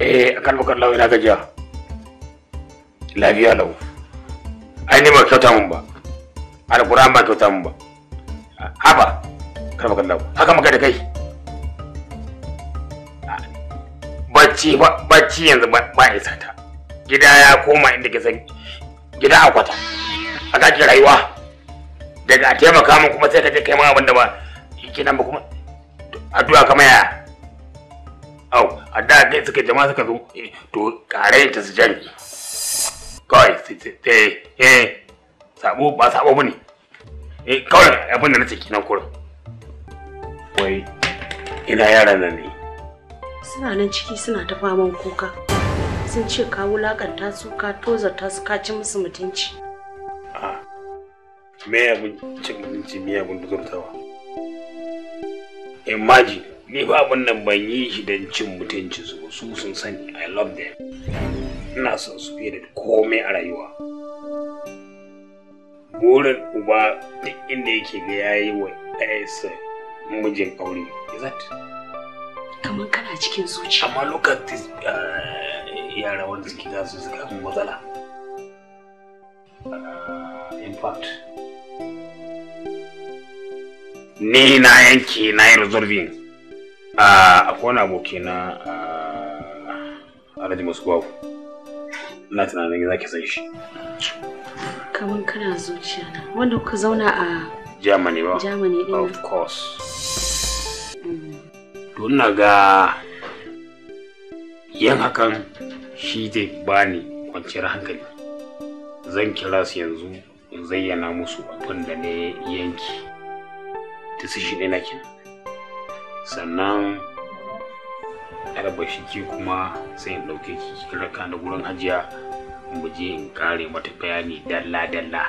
eh akan bakar lawa ina gajiya lafiya lau ai ni ba kyauta mun ba alquran ba kyauta mun ba haba kar bakar lawa haka maka da kai bacci bacci yanzu ba isa ta gida ya koma inda ke san gida a kwata a kake rayuwa daga a taimaka min kuma sai ka je kai ma abin da ba shi kenan ba kuma addu'a kamar yaya Au, a da kai suka jama'a suka zo, eh, to kare ta su jari. Kawai, sai, eh, eh, sabo ba sabo bane. Eh, kawai abin da na ciki nan Wai, ina yaran nan ne. Suna nan ciki suna ta faman kuka. Sun ce ka wulakanta su ka tozarta su ka ci musu mutunci. Ah, me abin cin mutunci me abin tozartawa. Imagine ni ba abin ban yi shi don cin mutunci su su sun sani i love them ina son su fiye da komai a rayuwa burin uba duk inda yake ga yayi wa ɗayarsa mijin aure is kamar kana cikin zuciya amma lokacin uh, yara wanda suke za su mu matsala uh, in ni na yanke na yi resolving a kona aboki na alhaji musbawu ina tunanin za ki san shi kamar kana zuciya na wanda kuka zauna a germany ba germany of course mm. to ina ga yan hakan shi zai bani kwanciyar hankali zan kira su yanzu in zayyana musu abin da na yanki ta su shi ne na kenan sannan albashiki kuma sai in ɗauke ki raka na gurin ajiya in je in kare mata bayani dalla-dalla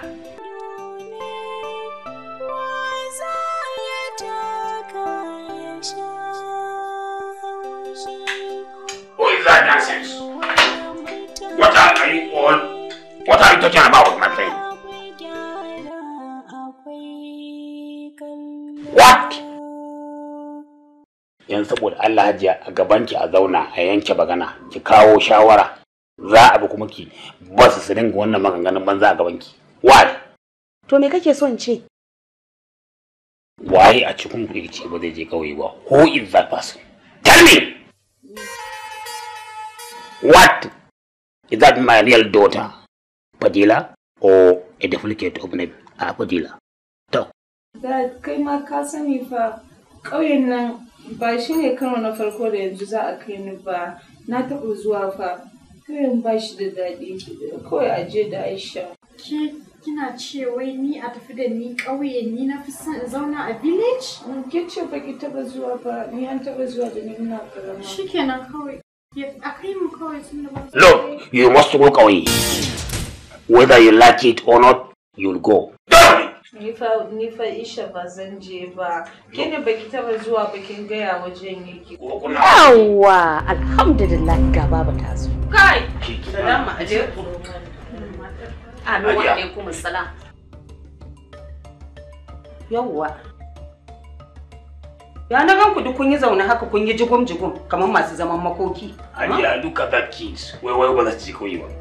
saboda Allah hajiya a gabanki a zauna a yanke bagana ki kawo shawara za a bi kuma ki ba su su dinga wannan maganganun banza a gabanki wai to me kake so in ce waye a cikin ku ce ba zai je kawai ba who is that person tell me what is that my real daughter fadila or a duplicate of name a uh, fadila to da kai ma ka sani fa ƙauyen nan ba shi ne karo na farko da yanzu za a kai ni ba na taɓa zuwa fa kiran ba shi da daɗi kawai a je da aisha ke kina ce wai ni a tafi da ni ƙauye ni na fi son zauna a village mm, ke ce ba ki taɓa zuwa ba ni an taɓa zuwa da ni muna karama shikenan kawai a kai mu kawai tun da ba look you must go away whether you like it or not you'll go ni fa isha ba zan je ba ke ne baki taba zuwa bakin gaya wajen yake yawa alhamdulillah ga babu ta zo kai salamu alaikum alaikum salam yawa ya na ganku duk kun yi zaune haka kun yi jigum jigum kamar masu zaman makoki ya duka that wai wai ba za su ji koyi ba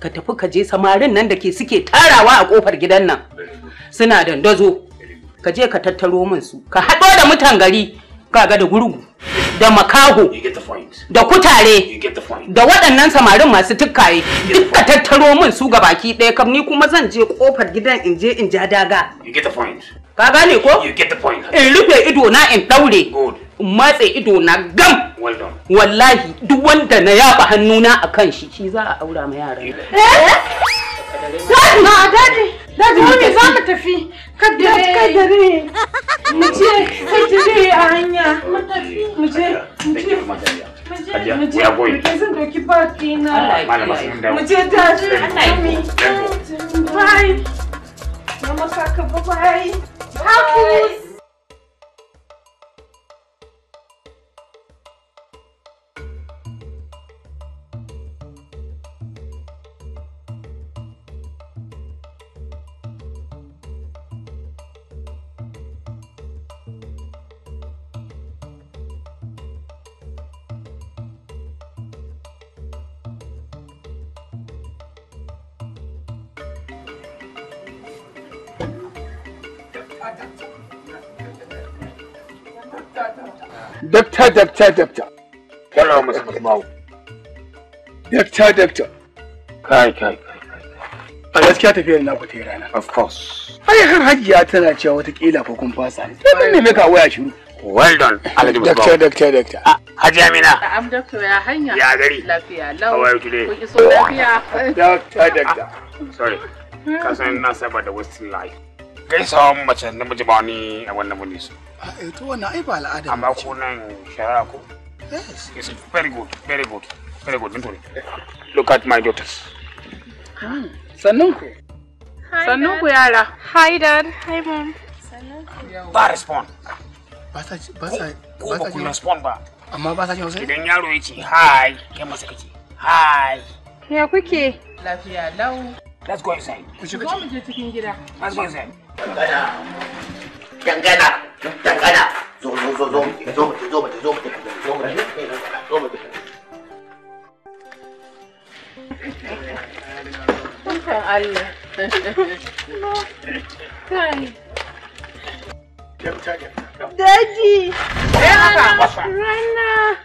ka tafi ka je samarin nan da ke suke tarawa a kofar gidan nan suna dandazo ka je ka tattaro min su ka haɗo da mutan gari kaga da gurgu da makaho da kutare da waɗannan samarin masu tukkaye duk ka tattaro min su ga baki ɗaya kam ni kuma zan je kofar gidan in je in ja daga ka gane ko in rufe ido na in ɗaure matse ido na gam wallahi duk wanda na yaba hannuna a kan shi shi za a aura ma yaran eh? Dadi za mu tafi kaddare mu je a hanya mu tafi mu je mu je mu je mu je zan doki baki na mu je dadi bye mama saka bye bye dakta dakta dakta kana masa mawo dakta dakta kai kai a gaskiya tafiyar na ku ta rana of course ai har hajiya tana cewa wata kila fa kun fasa ne sai mun neme ka waya shiru well done alhaji musbahu dakta dakta dakta ah, hajji amina am dakta ya hanya ya gari lafiya lau how are you today kun so lafiya dakta dakta ah, sorry kasan na saba da wasu life gaisawan mace na miji ba ni a wannan muni su. Eh to wannan ai ba al'ada Amma ko nan shara ko? Yes. It's very good, very good, very good. Don't worry. Look at my daughters. Hmm. Sannun ku. Sannun ku yara. Hi dad. Hi mom. Ba respond. Ba ta ba sa ba sa respond ba. Amma ba ta jin Hausa. Idan yaro ya ce hi, kai masa kace hi. Ya kuke? Lafiya lau. Let's go inside. Ku shiga cikin gida. Let's go inside. Dangana. Dangana. Daji. Rana.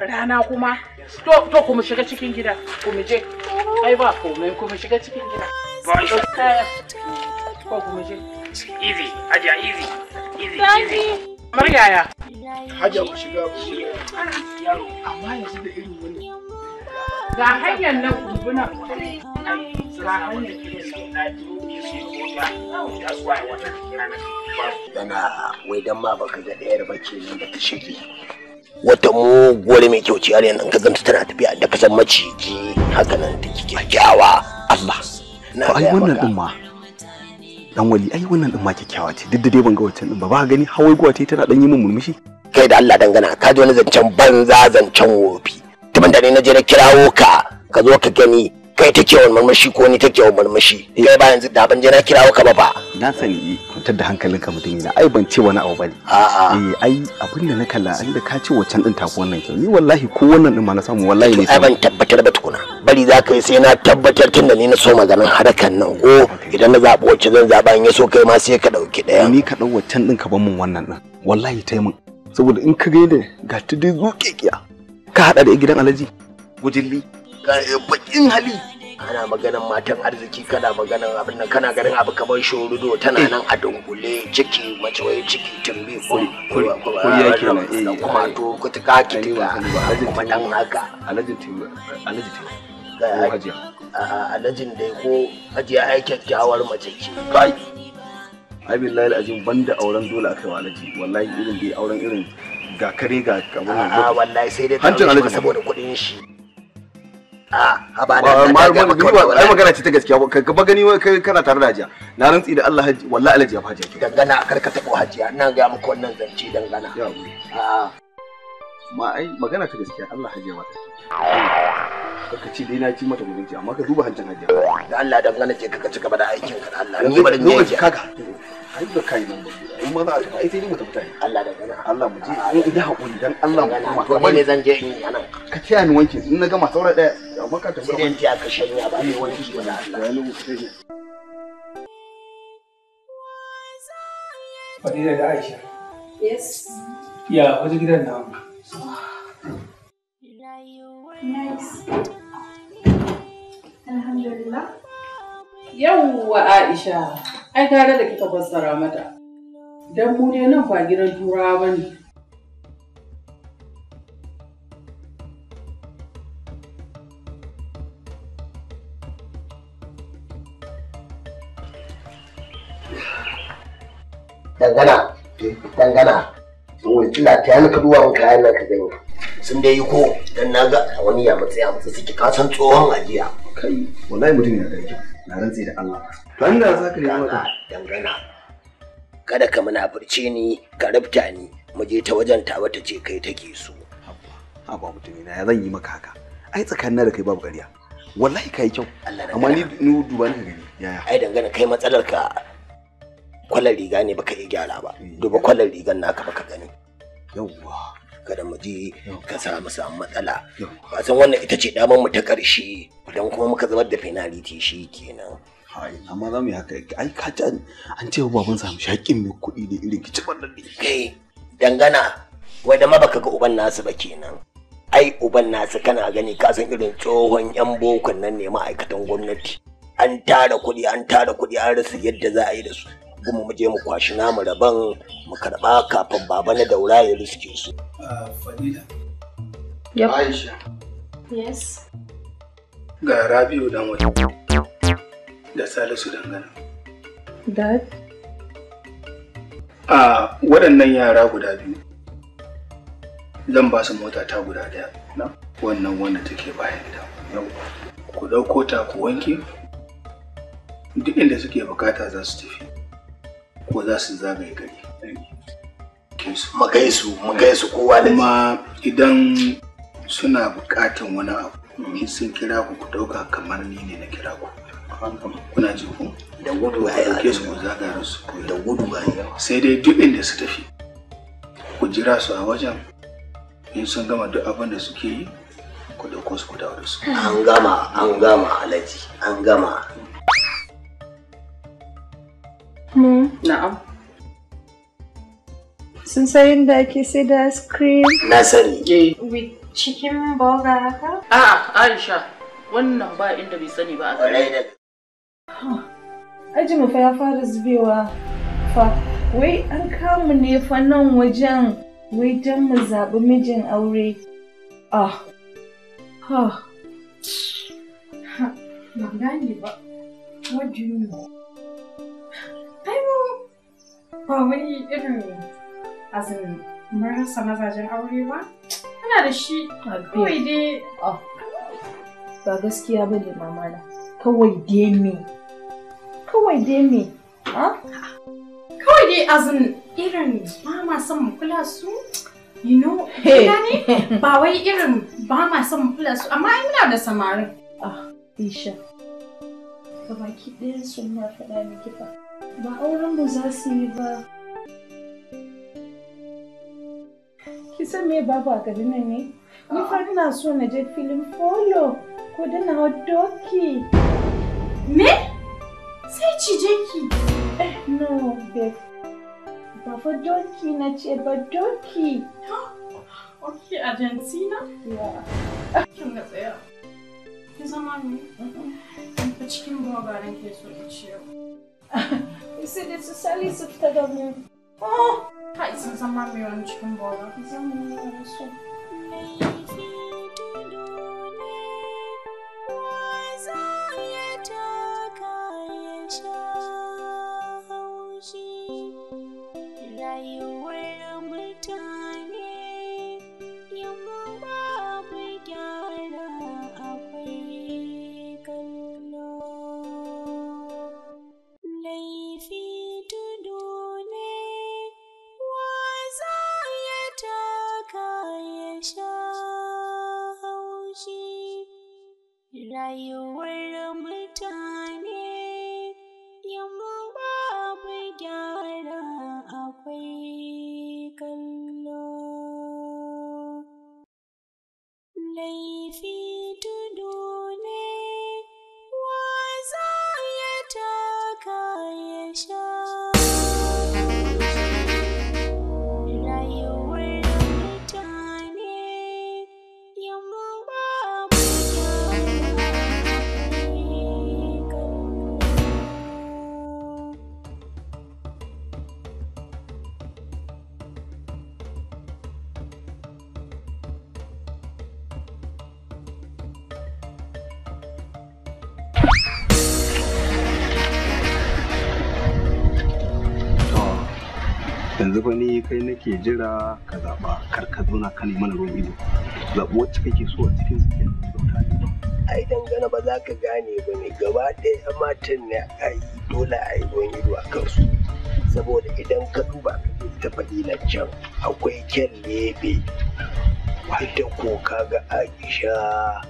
Rana kuma. To kuma shiga cikin gida. Kuma je. Ai ba kuma shiga cikin gida. ko kuma hajiya kamar yaya hajiya ku shiga ku shiga amma yanzu da irin wani ga hanyar nan dana wai dan ma baka ga ɗayar bace nan da ta shige wata muguwar mai kyau ciyar yanzu ka ganta tana tafiya da kasan maciji haka nan take kyakkyawa Allah na ai wannan din ma dan wali ai wannan din ma kyakkyawa ce duk da dai ban ga wancan din ba ba gani hawai guwa ta tana dan yi min murmushi kai da Allah dangana ka ji wani zancen banza zancen wofi tuban da ne na je na kirawo ka ka zo ka gani kai take wa murmushi ko ni take wa murmushi kai ba yanzu da ban je na kirawo ka ba ba. na sani kwantar da ka mutum yana ai ban ce wani abu bane eh ai abin da na kalla an da ka ce wancan din tafi wannan kyau ni wallahi ko wannan din ma na samu wallahi ne ai ban tabbatar ba tukuna bari za ka yi sai na tabbatar tunda ni na so maganin harakan nan ko idan na zaɓi wacce zan zaɓa in ya so kai ma sai ka ɗauki ɗaya ni ka ɗau wancan din ka ban min wannan din wallahi ta min saboda in ka gaida ga ta dai zuƙeƙiya ka haɗa da gidan alaji gujilli ga baƙin hali ana maganan matan arziki kana maganan abin nan kana ganin abu kamar shorudo tana eh. nan a dungule ciki mace wai ciki tumbi kuriya kenan kuma eh, eh. to ku kuta ka kitiga kuma dan haka alajin tiwa alajin tiwa hajiya alajin dai ko hajiya ai kyakkyawar mace ce kai ai billahi alajin banda auren dole akai wa alaji wallahi irin dai auren irin ga kare ga abun nan wallahi sai dai ta saboda kudin shi a ba na ai magana ce ta gaskiya ka ba gani kana tare da hajiya na rantsi da Allah haji wallahi alhaji ya faje ki dangana kar ka tabo hajiya ina ga muku wannan zance dangana a ah. ma ai magana ta gaskiya Allah hajiya mata ka ci dai na ci mata mutunci amma ka duba hancin hajiya da Allah dangana ce ka ci gaba da aikin ka Allah ni bari ne ji kaga ai ba kai nan ba ma za a ai sai Allah da Allah mu je in ina hakuri dan Allah mu kuma ne zan je in ka ci wanke in na gama saura daya ka ta sai dai aka shanya ba ne wani kiwo da Allah Fadila da Aisha yes ya wajen gidan na Nice. Yawwa Aisha, ai gara da kika fassara mata. Dan mu ne nan ba gidan turawa bane. dangana dangana ina ta yana ka duwa kayan nan ka gani sun dai yi ko dan na ga wani ya matsi ya matsa suke kasan tsohon ajiya kai wallahi mutum ya kyau? na rantsi da Allah to inda za ka nemi ka dangana kada ka furce ni ka rubta ni mu je ta wajen tawa ta ce kai take so haba mutum ya zan yi maka haka ai tsakanin da kai babu ƙarya wallahi kai kyau amma ni duba ni ka gani yaya ai dangana kai matsalar ka kwalar riga ne baka iya gyara ba hmm. duba kwalar rigan naka baka gani yawwa kada mu je ka samu samu matsala ba san wannan ita ce damar mu ta ƙarshe idan kuma muka zubar da penalty shi kenan amma za mu yi haka ai ka ta an ce baban samu shaƙin mu kuɗi da irin kici wannan ne kai dangana wai da ma baka ga uban nasu ba kenan ai uban nasu kana gani ka san irin tsohon yan bokon nan ne ma'aikatan gwamnati an tara kuɗi an tara kuɗi an rasa yadda za a yi da su Kuma mu je mu kwashi namu rabon mu karɓa kafin baba na daura ya riske su. Ah, Fadila. Yep. Aisha. Yes. Ga Rabiu dan wata. Da Salisu gana. Dad. A ah, waɗannan yara guda biyu. Zan ba su mota ta guda ɗaya. Wannan wanda take bayan gida. Yau. Ku ɗauko ta ku wanke duk inda suke bukata za su tafi ko za su zagaye gari magai su magai su kowa da kuma idan suna bukatan wani abu mm. ni sun kira ku ku dauka kamar ni ne na kira ku kuna ji ku da gudu ba a ke su ku zagaye su da gudu ba sai dai duk inda su tafi ku jira su a wajen in sun gama duk abin da suke yi ku dauko su ku dawo da su an gama an gama alaji an gama Hmm. Na'am. Sun sayin da ake sai da ice cream? Na sani. Eh. With cikin boga haka? A'a, Aisha, wannan ba inda bai sani ba a gare Aji mu fa ya fara zubewa fa. Wai an kamu ne fa nan wajen wai don mu zaɓi mijin aure. Ah. ah. Ha. Ha. Ba gani ba. What do you know? ba wani irin azin marasa mazajen aure ba ana da shi kawai dai ah. ba gaskiya ba ne mama mamana kawai dai me kawai dai me kawai dai azin irin ba ma son mu kula su you know ne ba wai irin ba ma son mu kula su amma ina da samarin ah isha gabaki ɗayan sun na faɗa miki fa Ba auren mu za su yi ba. Ki san me babu a garin nan ne? Ni fa ina so na je filin folo ko da na hau doki. Me? Sai cije ki. Eh, no, babe. Ba fa doki na ce ba doki. Ok, Argentina? Yeah. Kin ga tsaya. Ki zama ne? Ki cikin baba ke so ki ciyo. Syny słyszeli, co wtedy od mnie. O! Hajsem za mamiłam ci bola. Za mną jeszcze. jira ka zaɓa kar ka zauna ka nemi ruwan ido zaɓi wacce kake so a cikin su ai dangane ba za ka gane ba ne gaba ɗaya matan ne a yi dole a yi ruwan ido a kansu saboda idan ka duba ta faɗi na can akwai kyan lebe ita ko ka ga aisha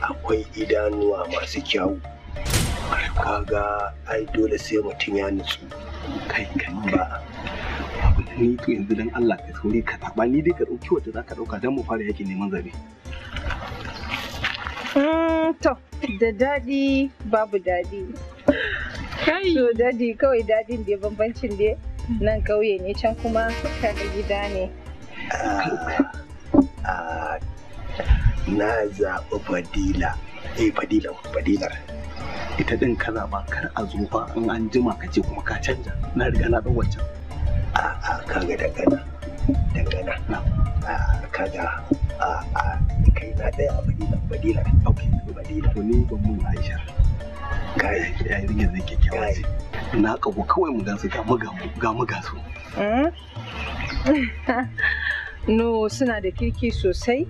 akwai idanuwa masu kyawu kaga ai dole sai mutum ya nutsu kai kan ba ni to yanzu dan Allah ka sauri ka taba ni dai ka dauki za ka dauka dan mu fara yakin neman zabe hmm, to da dadi babu dadi kai to dadi kawai dadin da bambancin da nan kauye ne can kuma kaga gida ne ah, ah, na zaɓi fadila eh fadila ita din ka zaɓa kar a zo fa in an jima ka ce kuma ka canja na riga na ɗan wancan Ah, kaga daga nan daga nan ah, kaga ah, kai na ɗaya a madina madina ok madina to ni ban mun aisha kai ya yi rigin zai kyakkyawa ce na kago kawai mu gansu ga mu ga mu ga su eh? no suna da kirki sosai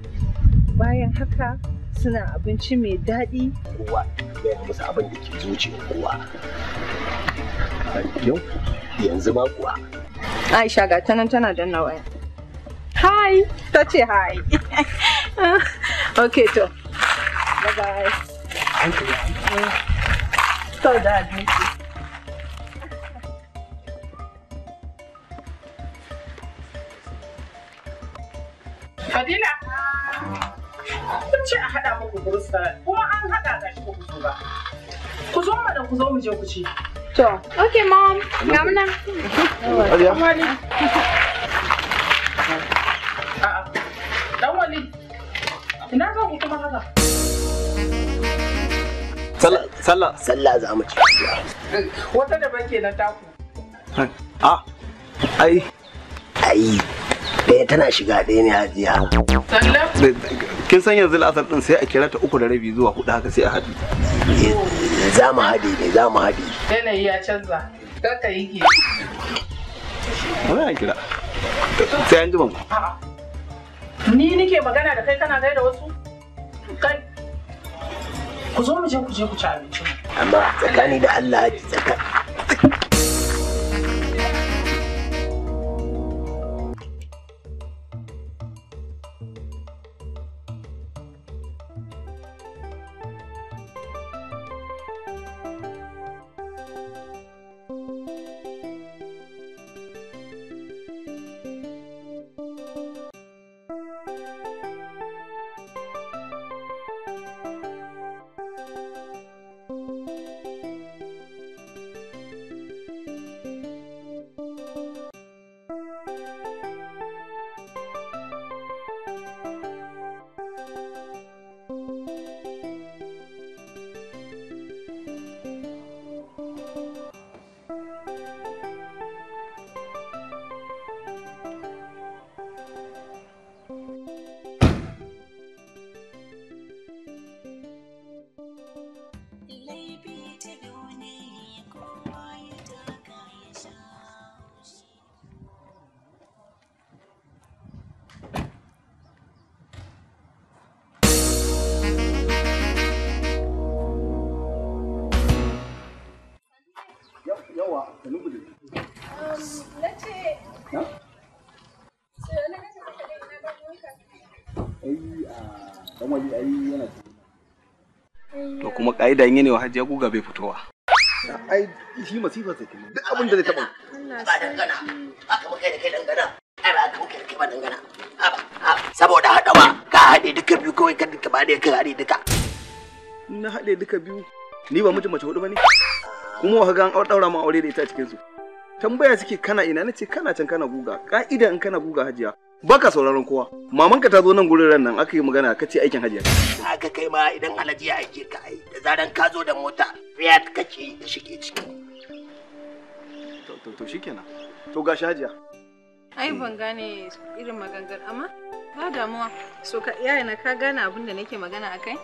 bayan haka suna abinci mai daɗi kowa ya musu abin da ke zuciyar kowa yau yanzu ba kuwa Aisha ga tana tana danna waya. Hi, ta ce hi. okay to. Bye bye. So da Fadila. Kun ce a hada muku gurusta kuma an hada da shi ku ba. Ku zo mana ku zo mu je ku ci. To, okay mom, ga muna. Ina za ku kuma haka? Sallah. Sallah za mu ci. Wata da banke na taku. Ah, ai. Ai, ɗaya tana shiga ɗaya ne hajiya. Sallah. Kin san yanzu la'asar ɗin sai a kira ta uku da rabi zuwa hudu haka sai a haɗu. Eh, za mu haɗe ne, za mu haɗe. Yanayi ya canza. Kaka yi ke. Muna ya kira. Sai an ji ban. Ni nike magana da kai kana gai da wasu? Kai. Ku zo mu je ku je ku ci abinci. Amma tsakani da Allah tsaka. wani ai yana to kuma ka'ida yin yanewa hajiya guga bai fitowa ai shi masifa sai kuma duk abin da zai taba ba dangana aka muka da kai dangana ai ba aka muka da kai ba dangana saboda hada ma ka hade duka biyu kawai ka duka ba dai ka hade duka na hade duka biyu ni ba mutum mace hudu bane kuma wa ga an daura ma aure da ita cikin su tambaya suke kana ina nace kana can kana guga ka'ida in kana guga hajiya baka sauraron kowa mamanka ta zo nan gurin ran nan aka yi magana ka ce aikin hajiya aka kai ma idan alhaji ya aike ka ai da zaran ka zo da mota riyad kake da shige ciki to to to shikenan to gashi hajiya ai ban gane irin magangan amma ba damuwa so ka iyaye na ka gane abin da nake magana akai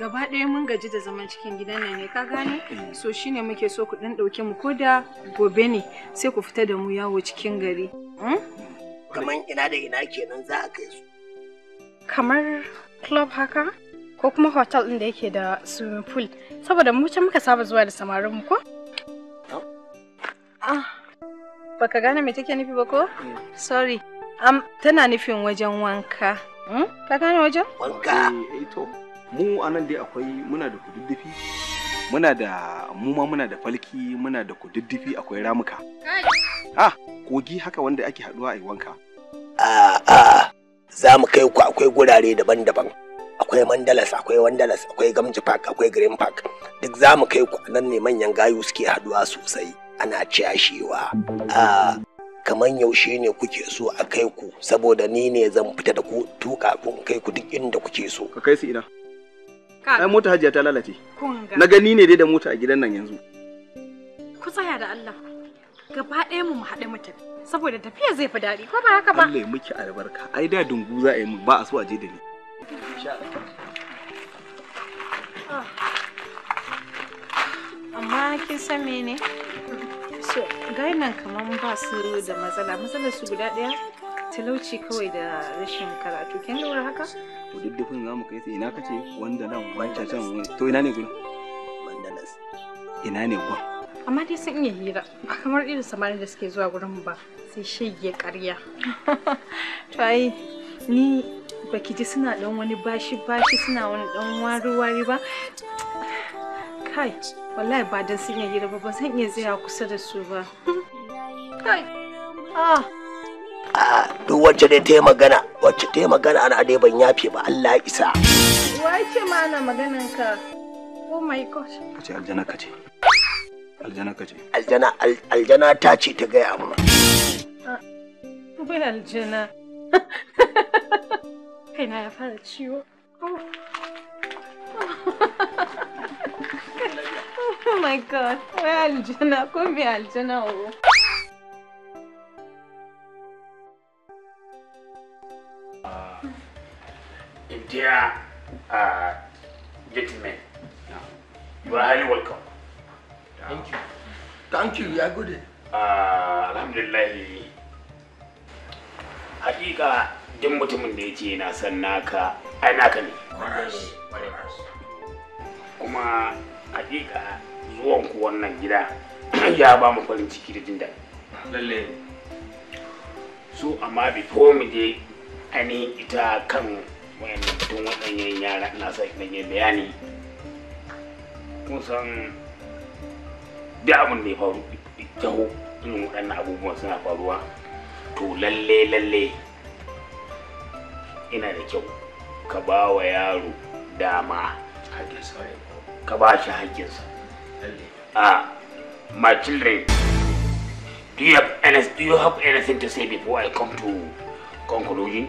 gaba ɗaya mun gaji da zaman cikin gidan nan ne ka gane so shine muke so ku ɗan ɗauke mu ko da gobe ne sai ku fita da mu yawo cikin gari hmm? kamar ina da ina kenan za a kai su. Kamar club haka? Ko kuma hotel ɗin da yake da swimming pool. Saboda mu can muka saba zuwa da samarin mu ko? Ah, baka gane me take nufi ba ko? Mm. Sorry. Am tana nufin wajen wanka. Hmm? Ka gane wajen? Wanka. Eh, eh, to. Mu anan dai akwai muna da kududdufi. muna da muma muna da falki muna da kududdufi akwai ramuka ah kogi haka wanda ake haduwa a wanka a za mu kai ku akwai gurare daban-daban akwai mandalas akwai wandalas akwai gamji park akwai green park duk za mu kai ku nan ne manyan gayu suke haɗuwa sosai ana ciyashewa a kamar yaushe ne kuke so a kai ku saboda ni ne zan fita da ku tuka kun kai ku duk inda kuke so ka kai su ina Ai mota hajiya ta lalace. Na gani ne dai da mota a gidan nan yanzu. Ku tsaya da Allah. Gaba ɗaya mu haɗe haɗa Saboda tafiya zai fi daɗi ko ba haka ba? Allah ya miki albarka. Ai da dungu za a yi mu ba a so a je da ni. Ah. Amma kin san mene? So, gainan kaman ba su da matsala, matsalar su guda ɗaya talauci kawai da rashin karatu kin lura haka to duk dukun zamu kai sai ina kace wanda nan wancan can to ina ne gurin bandalas ina ne gurin amma dai sun iya hira ba kamar irin samari da suke zuwa gurin ba sai shege karya. to ai ni ki ji suna dan wani bashi bashi suna wani dan wari wari ba kai wallahi ba dan sun iya hira ba ba zan iya tsaya kusa da su ba kai ah a duk wacce dai ta yi magana wacce ta yi magana ana dai ban yafe ba Allah ya isa wace ma ana maganan ka oh my god kace aljana kace aljana kace aljana aljana ta ce ta gaya mu ah, bai aljana na ya fara ciwo oh. oh my god, wai aljana ko me aljana oh. dear uh, gentlemen, you are highly welcome. Thank you. Thank you, are good. Uh, alhamdulillah. Hakika duk mutumin da ya ce yana son naka, ai naka ne. Kuma hakika zuwan ku wannan gida ya ba mu farin ciki da jin Lalle. So amma before mu je ainihin ita kan wayannan waɗannan yara ina sa ɗanye bayani kusan duk abin da ya faru taho irin waɗannan abubuwan suna faruwa to lalle lalle ina da kyau ka ba wa yaro dama ka ba shi haƙƙinsa a ah, my children do you have anything, do you have anything to say before i come to conclusion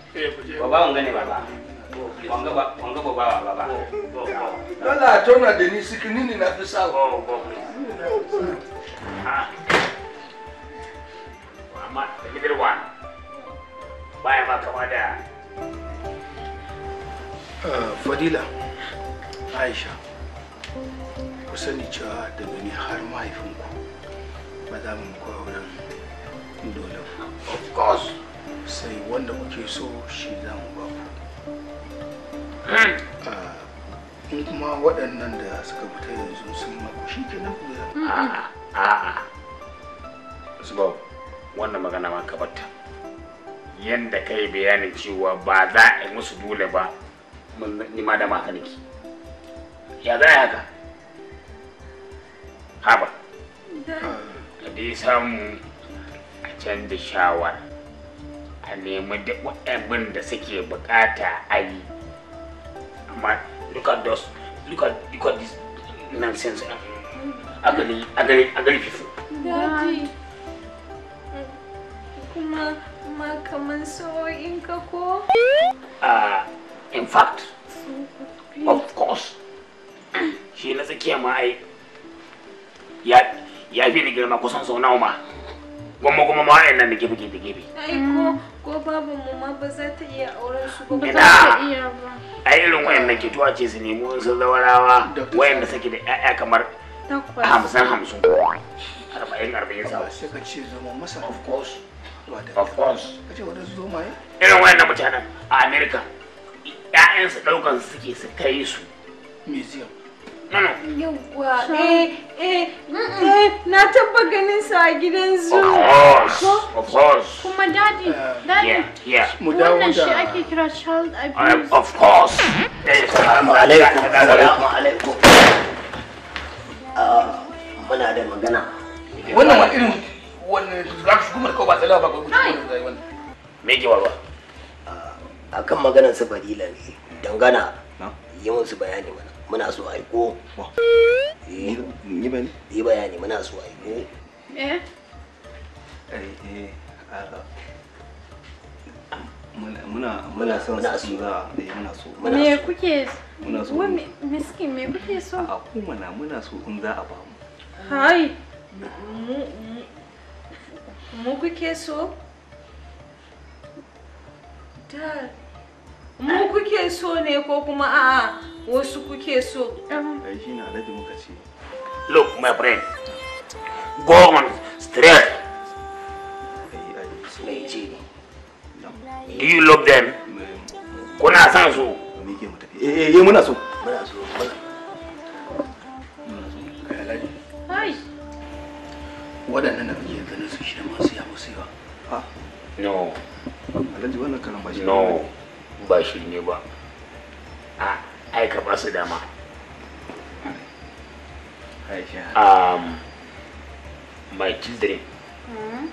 baba wanga ne baba wanga ba baba baba dole tona da ni siki nini na fi sa ah, fadila aisha ku sani cewa da ni har mahaifinku ba za mu kwa wurin dole of course sai wanda kuke so shi mu ba ku hmm. ah, in kuma waɗannan da suka fita yanzu sun maku shi ke nan kuya a'a ah, ah, zubau wannan magana ma ka batta yanda kai bayanin cewa ba za a yi musu dole ba ni ma da maka niki ya za haka haba ka dai samu a canza shawara nemi duk waɗannan da suke bukata a yi amma look at those look at look at this nonsense um, ugly ugly ugly fifu daddy hmm. kuma ma kaman in ka ko ah in fact of course shi na tsakiya ma ai ya ya fi ni girma kusan sau nawa ma gwamma gwamma ma wa'annan da gefe gefe gefe ai ko ko babu mu ma ba za ta iya auren su ba ba za ta iya ba a irin wayannan ke tuwa ce su nemi wasu zawarawa wayanda suke da ƴaƴa kamar hamsin hamsin arba'in arba'in sa sai ka ce zama masa of course of course ka ce wani zo maye irin wayannan mutanen a america ƴaƴansu ɗaukan suke su kai su museum Eh, eh, eh, na taba ganin sa a gidan zoo. Of course, Kuma daddy, daddy, wannan shi ake kira child abuse. Um, of course. Assalamu alaikum, assalamu alaikum. Uh, muna da magana. Wannan wani irin wani rafi kuma ko ba tsala ba ko kuma Me ke warwa? Uh, akan maganar su fadila ne, dangana yi musu bayani mana. muna so aiko eh. yi bane yi bayani muna so aiko eh eh, eh. muna muna son su za da muna so me kuke muna so wani miskin me kuke so a ku mana muna so in za a ba mu hai mu mu kuke so da mu kuke so ne ko kuma a'a wasu kuke so look my friend go on straight do you love them kuna san su eh, eh eh muna so muna so waɗannan da kake ganin su shi da masu ha no alhaji wannan karan ba shi ba aika ka ba su dama um, my children mm.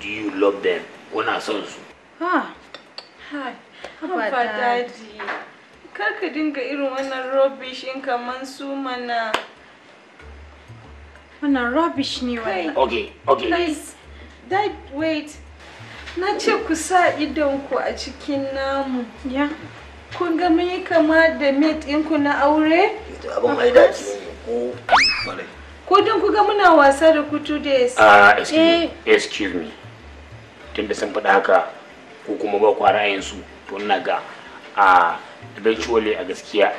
do you love them kuna son su ha ha daji kar ka dinga irin wannan rubbish in kaman su mana wannan rubbish ne wai okay okay please dad wait na ce ku sa ku a cikin namu ya yeah. kun ga mun yi kama da mate ɗinku na aure? abin mai ko ko don ku ga muna wasa da kutu da ah excuse me eh. tun da sun faɗa haka ko kuma ba ra'ayin su to ina ga a eventually a gaskiya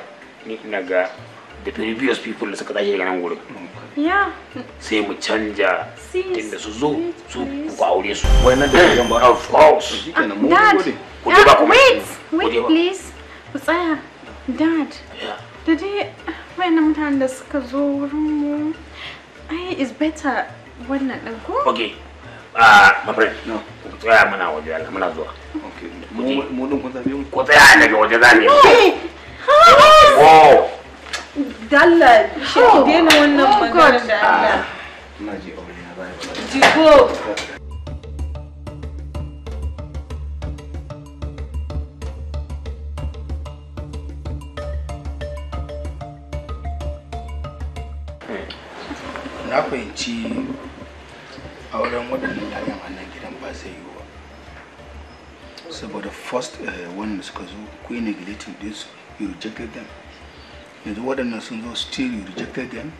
ni ina ga the previous people da suka tashi daga nan gurin ya sai mu canja da su zo su ku aure su wannan da zan eh, ba of course shi kenan wait wait please ku tsaya dad da dai wayannan da suka zo wurin mu ai is better wannan din ko okay ah my friend no tsaya muna waje Allah muna zuwa okay mu din kun zabe mu tsaya waje za wow dalla shi ki oh. daina wannan oh, magana da Allah ah, ji oh, na fahimci auren waɗannan yayan a nan gidan ba zai yi ba saboda first eh, wanda suka zo ku yi neglecting this you rejected them yanzu waɗannan sun zo still you rejected them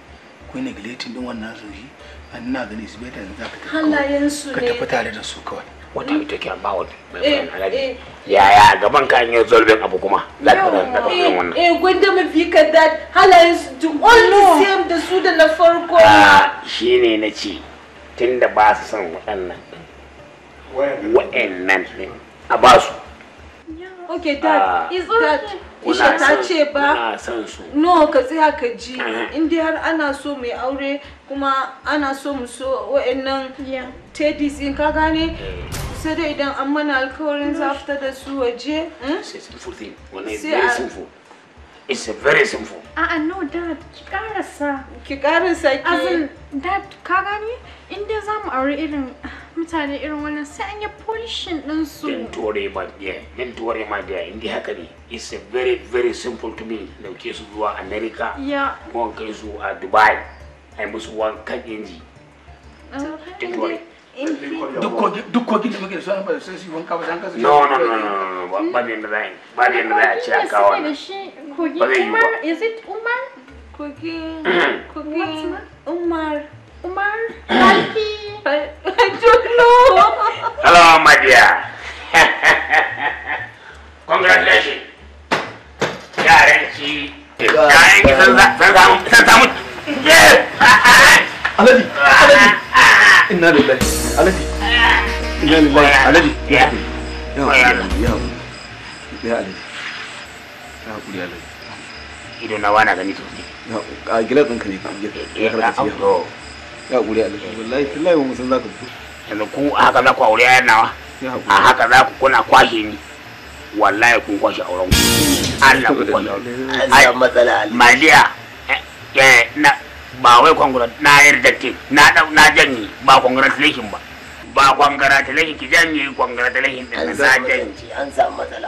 ku yi neglecting din wannan zuhi an na gani su better da za ka tafi tare da su kawai what are you talking about my friend alhaji yaya gaban ka yin zolbin abu kuma za ka fara daga eh, irin wannan eh gwanda mafi ka that halayen su do all the same da su da na farko ah, ne na ce tunda ba su son waɗannan waɗannan a ba su ok dad ah, is that isha ta ce ba no ka tsaya ka ji ah. in har ana so mai aure kuma ana so mu so wa'annan tedis in ka gane eh. sai dai idan an mana alkawarin za fita da su waje hmm? sai sinful very sinful it's a very sinful a'a no dad ki karasa ki karasa ki As in, dad ka gani in dai za mu aure irin mutane irin wannan sai an yi polishin din su Din tore my dear Din tore ma dia. Indi haka ne it's a very very simple to me dauke su zuwa america yeah ko kai su a dubai ai musu wankan inji don't worry duk kogin da muke da sauran ba sai su wanka san kasa no no no no no ba da yanda za ba da yanda za a ce a kawo ba zai yi is it umar kogin kogin umar umar alki joklo hello my dear congratulations yaranci yaran ki san samu san samu yes alhaji alhaji inna lillahi alaji inna lillahi ya ya ya ya ya ido na wana gani a ne ya wallahi wa musan zaka fito yanzu ku haka za ku aure nawa a haka za ku kuna kwashe ni wallahi kun kwashe auren ku Allah ku kwashe auren ku maliya eh, eh, na ba wai congrats na yarda ke na dau na janye ba congratulation ba ba congratulation ki janye congratulation din na janye an samu matsala